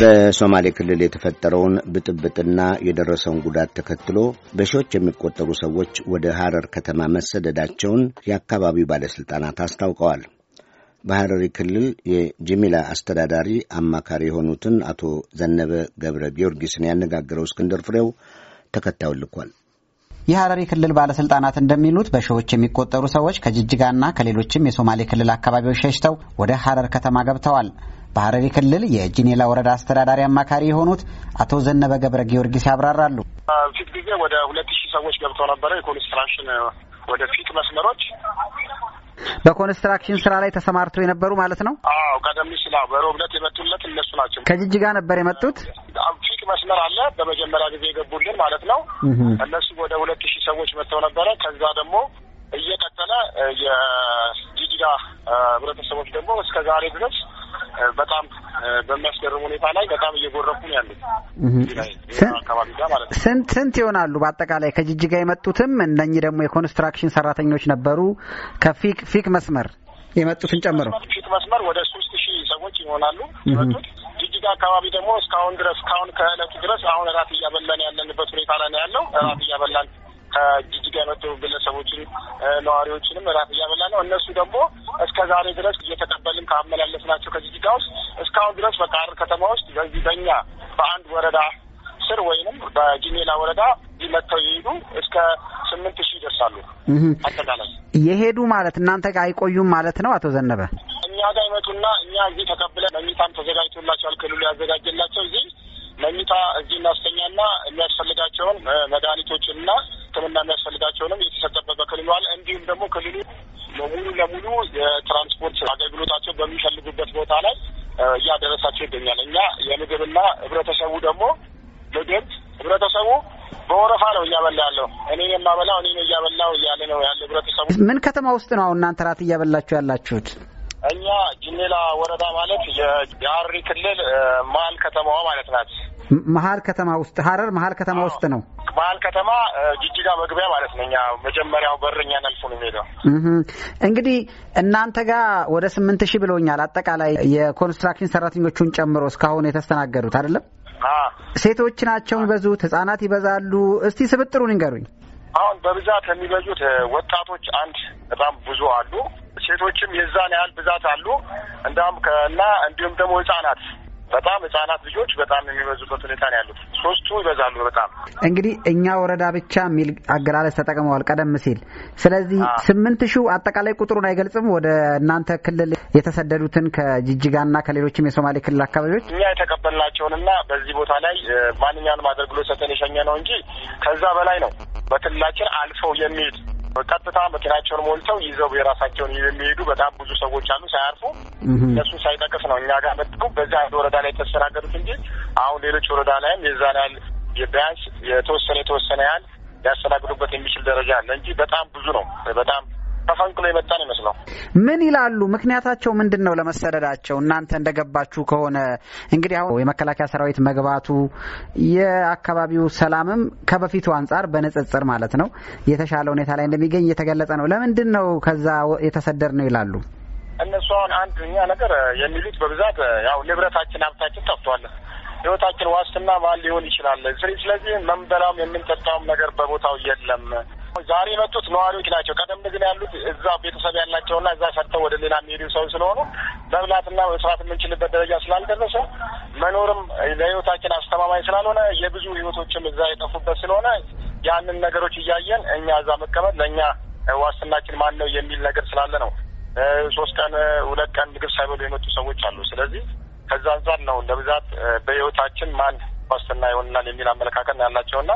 በሶማሌ ክልል የተፈጠረውን ብጥብጥና የደረሰውን ጉዳት ተከትሎ በሺዎች የሚቆጠሩ ሰዎች ወደ ሐረር ከተማ መሰደዳቸውን የአካባቢው ባለሥልጣናት አስታውቀዋል። በሐረሪ ክልል የጅሚላ አስተዳዳሪ አማካሪ የሆኑትን አቶ ዘነበ ገብረ ጊዮርጊስን ያነጋገረው እስክንድር ፍሬው ተከታዩን ልኳል። የሀረሪ ክልል ባለስልጣናት እንደሚሉት በሺዎች የሚቆጠሩ ሰዎች ከጅጅጋና ከሌሎችም የሶማሌ ክልል አካባቢዎች ሸሽተው ወደ ሀረር ከተማ ገብተዋል። በሀረሪ ክልል የጂኔላ ወረዳ አስተዳዳሪ አማካሪ የሆኑት አቶ ዘነበ ገብረ ጊዮርጊስ ያብራራሉ። ፊት ጊዜ ወደ ሁለት ሺህ ሰዎች ገብተው ነበረ። የኮንስትራክሽን ወደፊት መስመሮች በኮንስትራክሽን ስራ ላይ ተሰማርተው የነበሩ ማለት ነው። አዎ ቀደም ሲል በሮብለት የመጡለት እነሱ ናቸው። ከጅጅጋ ነበር የመጡት። መስመር አለ። በመጀመሪያ ጊዜ የገቡልን ማለት ነው። እነሱ ወደ ሁለት ሺህ ሰዎች መጥተው ነበረ። ከዛ ደግሞ እየቀጠለ የጂጂጋ ህብረተሰቦች ደግሞ እስከ ዛሬ ድረስ በጣም በሚያስገርም ሁኔታ ላይ በጣም እየጎረፉ ነው ያሉት አካባቢ ጋር ማለት ነው። ስንት ስንት ይሆናሉ በአጠቃላይ ከጂጂጋ የመጡትም እነኚህ ደግሞ የኮንስትራክሽን ሰራተኞች ነበሩ ከፊክ ፊክ መስመር የመጡትን ጨምሮ ፊክ መስመር ወደ ሶስት ሺህ ሰዎች ይሆናሉ የመጡት አካባቢ ደግሞ እስካሁን ድረስ እስካሁን ከእለቱ ድረስ አሁን እራት እያበላን ያለንበት ሁኔታ ላይ ነው ያለው። እራት እያበላን ከጅጅጋ የመጡ ግለሰቦችን ነዋሪዎችንም እራት እያበላ ነው። እነሱ ደግሞ እስከ ዛሬ ድረስ እየተቀበልን ከአመላለስ ናቸው ከጅጅጋ ውስጥ እስካሁን ድረስ በቃር ከተማ ውስጥ በዚህ በእኛ በአንድ ወረዳ ስር ወይንም በጂሜላ ወረዳ መጥተው የሄዱ እስከ ስምንት ሺህ ይደርሳሉ። አጠቃላይ የሄዱ ማለት እናንተ ጋር አይቆዩም ማለት ነው። አቶ ዘነበ ጋር ይመጡና እኛ እዚህ ተቀብለን መኝታም ተዘጋጅቶላቸዋል ክልሉ ያዘጋጀላቸው እዚህ መኝታ እዚህ እናስተኛና የሚያስፈልጋቸውን መድኃኒቶችንና ሕክምና የሚያስፈልጋቸውንም እየተሰጠበት በክልሉ አለ። እንዲሁም ደግሞ ክልሉ ሙሉ ለሙሉ የትራንስፖርት አገልግሎታቸው በሚፈልጉበት ቦታ ላይ እያደረሳቸው ይገኛል። እኛ የምግብና ህብረተሰቡ ደግሞ ምግብ ህብረተሰቡ በወረፋ ነው እያበላ ያለው። እኔ የማበላው እኔ እያበላው እያለ ነው ያለ ህብረተሰቡ። ምን ከተማ ውስጥ ነው አሁን እናንተ ራት እያበላችሁ ያላችሁት? እኛ ጅኔላ ወረዳ ማለት የሀረሪ ክልል መሀል ከተማዋ ማለት ናት። መሀል ከተማ ውስጥ ሀረር መሀል ከተማ ውስጥ ነው። መሀል ከተማ ጅጅጋ መግቢያ ማለት ነው። እኛ መጀመሪያው በር እኛ ነልፉ ነው የሚሄደው። እንግዲህ እናንተ ጋር ወደ ስምንት ሺህ ብሎኛል አጠቃላይ የኮንስትራክሽን ሰራተኞቹን ጨምሮ እስካሁን የተስተናገዱት አይደለም። ሴቶች ናቸው የሚበዙት፣ ህጻናት ይበዛሉ። እስቲ ስብጥሩን ይንገሩኝ። አሁን በብዛት የሚበዙት ወጣቶች አንድ በጣም ብዙ አሉ። ሴቶችም የዛን ያህል ብዛት አሉ። እንዳም እና እንዲሁም ደግሞ ህጻናት በጣም ህጻናት ልጆች በጣም የሚበዙበት ሁኔታ ነው ያሉት። ሶስቱ ይበዛሉ በጣም እንግዲህ እኛ ወረዳ ብቻ የሚል አገላለጽ ተጠቅመዋል ቀደም ሲል። ስለዚህ ስምንት ሺህ አጠቃላይ ቁጥሩን አይገልጽም። ወደ እናንተ ክልል የተሰደዱትን ከጅጅጋና ከሌሎችም የሶማሌ ክልል አካባቢዎች እኛ የተቀበልናቸውንና በዚህ ቦታ ላይ ማንኛውንም አገልግሎት ሰተን የሸኘ ነው እንጂ ከዛ በላይ ነው በክልላችን አልፈው የሚሄድ ቀጥታ መኪናቸውን ሞልተው ይዘው የራሳቸውን የሚሄዱ በጣም ብዙ ሰዎች አሉ። ሳያርፉ እነሱን ሳይጠቅስ ነው እኛ ጋር መጥቁ በዚህ አንድ ወረዳ ላይ የተስተናገዱት እንጂ አሁን ሌሎች ወረዳ ላይም የዛን ያህል የቢያንስ የተወሰነ የተወሰነ ያህል ሊያስተናግዱበት የሚችል ደረጃ አለ እንጂ በጣም ብዙ ነው። በጣም ተፈንቅሎ የመጣ ነው ይመስለው። ምን ይላሉ? ምክንያታቸው ምንድን ነው ለመሰደዳቸው? እናንተ እንደገባችሁ ከሆነ እንግዲህ አሁን የመከላከያ ሰራዊት መግባቱ የአካባቢው ሰላምም ከበፊቱ አንጻር በንጽጽር ማለት ነው የተሻለ ሁኔታ ላይ እንደሚገኝ እየተገለጸ ነው። ለምንድን ነው ከዛ የተሰደድ ነው ይላሉ? እነሱ አሁን አንድ ነገር የሚሉት በብዛት ያው ንብረታችን፣ ሀብታችን ጠፍቷል ህይወታችን ዋስትና ማ ሊሆን ይችላል? ስለዚህ መንበላም የምንጠጣውም ነገር በቦታው የለም። ዛሬ የመጡት ነዋሪዎች ናቸው። ቀደም ግን ያሉት እዛ ቤተሰብ ያላቸውና እዛ ሰርተው ወደ ሌላ የሚሄዱ ሰው ስለሆኑ መብላትና መስራት የምንችልበት ደረጃ ስላልደረሰ መኖርም ለህይወታችን አስተማማኝ ስላልሆነ የብዙ ህይወቶችም እዛ የጠፉበት ስለሆነ ያንን ነገሮች እያየን እኛ እዛ መቀመጥ ለእኛ ዋስትናችን ማን ነው የሚል ነገር ስላለ ነው። ሶስት ቀን ሁለት ቀን ምግብ ሳይበሉ የመጡ ሰዎች አሉ። ስለዚህ ከዛ አንጻር ነው ለብዛት በህይወታችን ማን ዋስትና ይሆንናል የሚል አመለካከት ያላቸውና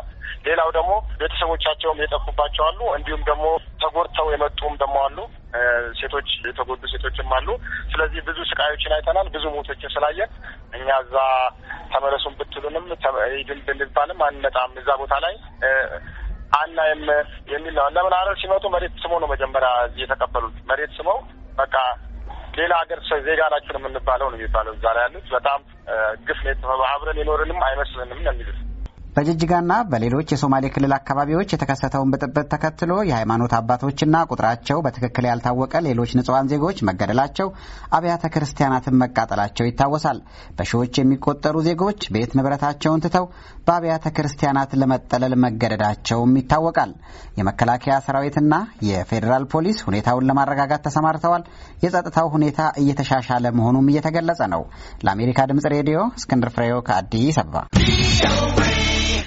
ሌላው ደግሞ ቤተሰቦቻቸውም የጠፉባቸው አሉ። እንዲሁም ደግሞ ተጎድተው የመጡም ደግሞ አሉ። ሴቶች የተጎዱ ሴቶችም አሉ። ስለዚህ ብዙ ስቃዮችን አይተናል። ብዙ ሞቶችን ስላየን እኛ እዛ ተመለሱን ብትሉንም ሂድን ብንባልም አንመጣም እዛ ቦታ ላይ አናይም የሚል ነው። ለምን አረር ሲመጡ መሬት ስመው ነው መጀመሪያ እዚህ የተቀበሉት። መሬት ስመው በቃ ሌላ ሀገር ዜጋ ናቸው የምንባለው ነው የሚባለው እዛ ላይ ያሉት በጣም ግፍ ነው የተፈባ አብረን የኖርንም አይመስልንም ነው የሚሉት በጅጅጋና በሌሎች የሶማሌ ክልል አካባቢዎች የተከሰተውን ብጥብጥ ተከትሎ የሃይማኖት አባቶችና ቁጥራቸው በትክክል ያልታወቀ ሌሎች ንጹሐን ዜጎች መገደላቸው፣ አብያተ ክርስቲያናትን መቃጠላቸው ይታወሳል። በሺዎች የሚቆጠሩ ዜጎች ቤት ንብረታቸውን ትተው በአብያተ ክርስቲያናት ለመጠለል መገደዳቸውም ይታወቃል። የመከላከያ ሰራዊትና የፌዴራል ፖሊስ ሁኔታውን ለማረጋጋት ተሰማርተዋል። የጸጥታው ሁኔታ እየተሻሻለ መሆኑም እየተገለጸ ነው። ለአሜሪካ ድምጽ ሬዲዮ እስክንድር ፍሬው ከአዲስ አበባ